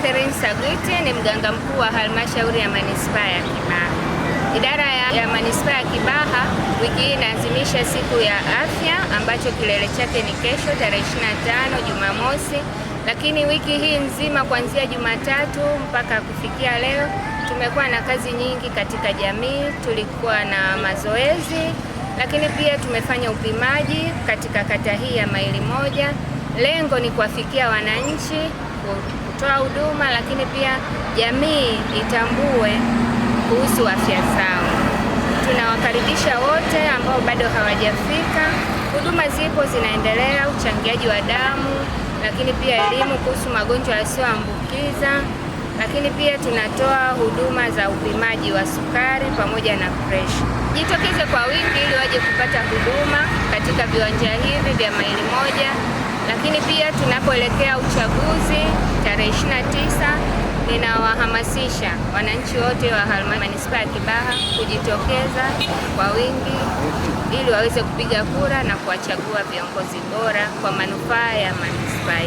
Catherine Sagwite ni mganga mkuu wa halmashauri ya manispaa ya Kibaha. Idara ya, ya manispaa ya Kibaha wiki hii inaadhimisha siku ya afya ambacho kilele chake ni kesho tarehe 25 Jumamosi, lakini wiki hii nzima kuanzia Jumatatu mpaka kufikia leo tumekuwa na kazi nyingi katika jamii. Tulikuwa na mazoezi, lakini pia tumefanya upimaji katika kata hii ya maili moja Lengo ni kuwafikia wananchi, kutoa huduma, lakini pia jamii itambue kuhusu afya zao. Tunawakaribisha wote ambao bado hawajafika. Huduma zipo zinaendelea, uchangiaji wa damu, lakini pia elimu kuhusu magonjwa yasiyoambukiza, lakini pia tunatoa huduma za upimaji wa sukari pamoja na presha. Jitokeze kwa wingi ili waje kupata huduma katika viwanja hivi vya maili moja lakini pia tunapoelekea uchaguzi tarehe 29, ninawahamasisha wananchi wote wa halmashauri manispaa ya Kibaha kujitokeza kwa wingi ili waweze kupiga kura na kuwachagua viongozi bora kwa manufaa ya manispaa.